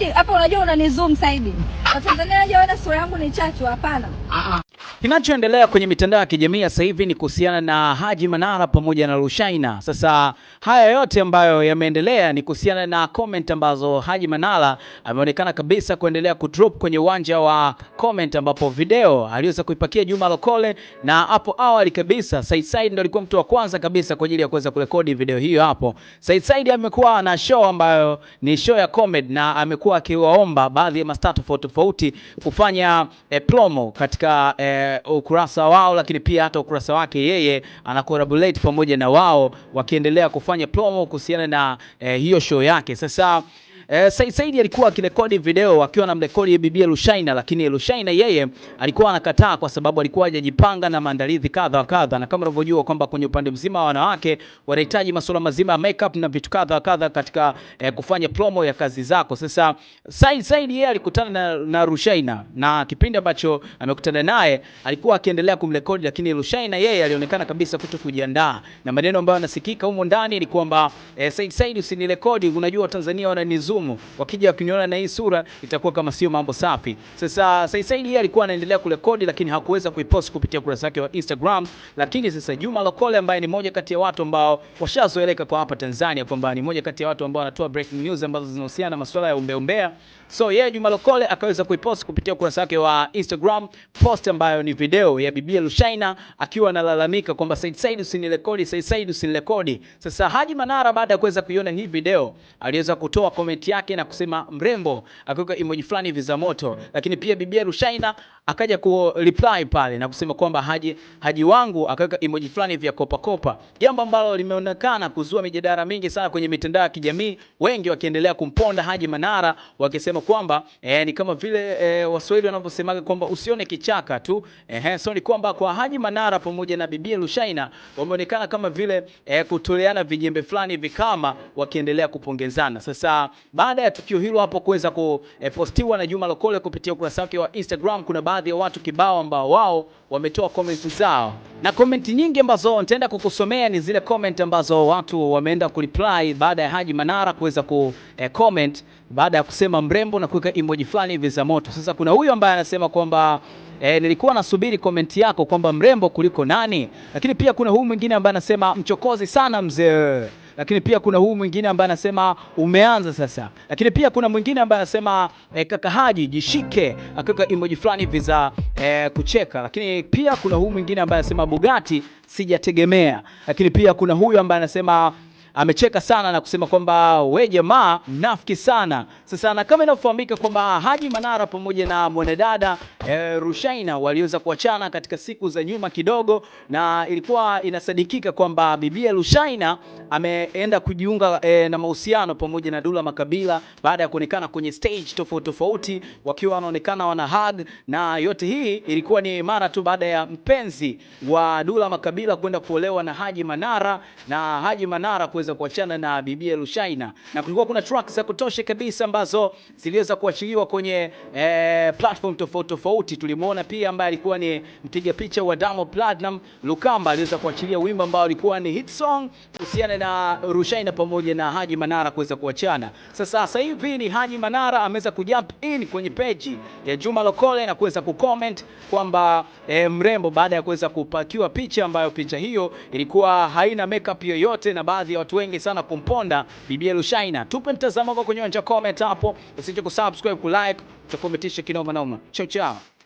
Eti hapa unajua unanizoom sasa hivi. Watanzania wanajiona sura yangu ni chachu hapana. Ah, ah. Kinachoendelea kwenye mitandao ya kijamii sasa hivi ni kuhusiana na Haji Manara pamoja na Rushaina. Sasa haya yote ambayo yameendelea ni kuhusiana na comment ambazo Haji Manara ameonekana kabisa kuendelea kudrop kwenye uwanja wa comment, ambapo video aliweza kuipakia Juma Lokole, na hapo awali kabisa Said Said ndo alikuwa mtu wa kwanza kabisa kwa ajili ya kuweza kurekodi video hiyo. Hapo Said Said amekuwa na show ambayo ni show ya comedy, na amekuwa akiwaomba baadhi ya mastaa tofauti tofauti kufanya eh, promo katika eh, eh, ukurasa wao, lakini pia hata ukurasa wake yeye ana collaborate pamoja na wao wakiendelea kufanya promo kuhusiana na eh, hiyo show yake sasa Eh, Said Said alikuwa akirekodi video akiwa anamrekodi bibi Rushaina, lakini Rushaina yeye alikuwa anakataa kwa sababu alikuwa hajajipanga na maandalizi kadha kadha, na kama unavyojua kwamba kwenye upande mzima wa wanawake wanahitaji masuala mazima ya makeup na vitu kadha kadha katika eh, kufanya promo ya kazi zako. Sasa Said Said yeye alikutana na, na Rushaina na kipindi ambacho amekutana naye alikuwa akiendelea kumrekodi, lakini Rushaina yeye alionekana kabisa kuto kujiandaa, na maneno ambayo anasikika humo ndani ni kwamba eh, Said Said usinirekodi, unajua Tanzania wananizua sumu, wakija wakiniona na hii sura itakuwa kama sio mambo safi. Sasa Said yeye alikuwa anaendelea kurekodi, lakini hakuweza kuipost kupitia kurasa yake wa Instagram. Lakini sasa Juma Lokole ambaye ni moja kati ya watu ambao washazoeleka kwa hapa Tanzania kwamba ni moja kati ya watu ambao wanatoa breaking news ambazo zinahusiana na masuala ya umbeumbea, so yeye yeah, Juma Lokole akaweza kuipost kupitia kurasa yake wa Instagram post ambayo ni video ya Biblia Lushaina akiwa analalamika kwamba Said Said usinirekodi, Said Said usinirekodi. Sasa Haji Manara baada ya kuweza kuiona hii video aliweza kutoa comment yake na kusema mrembo, akiweka emoji fulani hivi za moto. Lakini pia bibi Rushaina akaja ku reply pale na kusema kwamba Haji, Haji wangu akaweka emoji fulani vya kopa kopa, jambo ambalo limeonekana kuzua mijadala mingi sana kwenye mitandao ya kijamii, wengi wakiendelea kumponda Haji Manara wakisema kwamba eh, ni kama vile eh, Waswahili wanavyosemaga kwamba usione kichaka tu eh, so ni kwamba kwa Haji Manara pamoja na Bibi Rushaina wameonekana kama vile eh, kutoleana vijembe fulani vikama wakiendelea kupongezana. Sasa baada ya tukio hilo hapo kuweza kupostiwa eh, na Juma Lokole kupitia ukurasa wake wa Instagram kuna baadhi ya watu kibao ambao wao wametoa komenti zao, na komenti nyingi ambazo nitaenda kukusomea ni zile comment ambazo watu wameenda kureply baada ya Haji Manara kuweza ku eh, comment baada ya kusema mrembo na kuweka emoji fulani hivi za moto. Sasa kuna huyu ambaye anasema kwamba E, nilikuwa nasubiri komenti yako kwamba mrembo kuliko nani, lakini pia kuna huyu mwingine ambaye anasema mchokozi sana mzee lakini pia kuna huu mwingine ambaye anasema umeanza sasa, lakini pia kuna mwingine ambaye anasema e, kaka Haji jishike, akiweka emoji fulani hivi za e, kucheka, lakini pia kuna huu mwingine ambaye anasema Bugatti sijategemea, lakini pia kuna huyu ambaye anasema amecheka sana na kusema kwamba we jamaa mnafiki sana sasa na kama inafahamika kwamba Haji Manara pamoja na mwanadada e, Rushaina waliweza kuachana katika siku za nyuma kidogo, na ilikuwa inasadikika kwamba bibi Rushaina ameenda kujiunga e, na mahusiano pamoja na Dula Makabila baada ya kuonekana kwenye stage tofauti tofauti wakiwa wanaonekana wana hug, na yote hii ilikuwa ni mara tu baada ya mpenzi wa Dula Makabila kwenda kuolewa na Haji Manara na Haji Manara kuweza kuachana na bibi Rushaina, na kulikuwa kuna tracks za kutosha kabisa mba ambazo ziliweza kuachiliwa kwenye e, platform tofauti tofauti. Tulimuona pia ambaye alikuwa ni mpiga picha wa Damo Platinum Lukamba, aliweza kuachilia wimbo ambao ulikuwa ni hit song kuhusiana na Rushaina pamoja na Haji Manara kuweza kuachana. Sasa sasa hivi ni Haji Manara ameweza kujump in kwenye page ya Juma Lokole na kuweza kucomment kwamba e, mrembo baada ya kuweza kupakiwa picha ambayo picha hiyo ilikuwa haina makeup yoyote na baadhi ya watu wengi sana kumponda Bibi Rushaina. Tupe mtazamo wako kwenye uwanja comment hapo, usiache kusubscribe, kulike, tukometisha kinoma noma. Chao chao.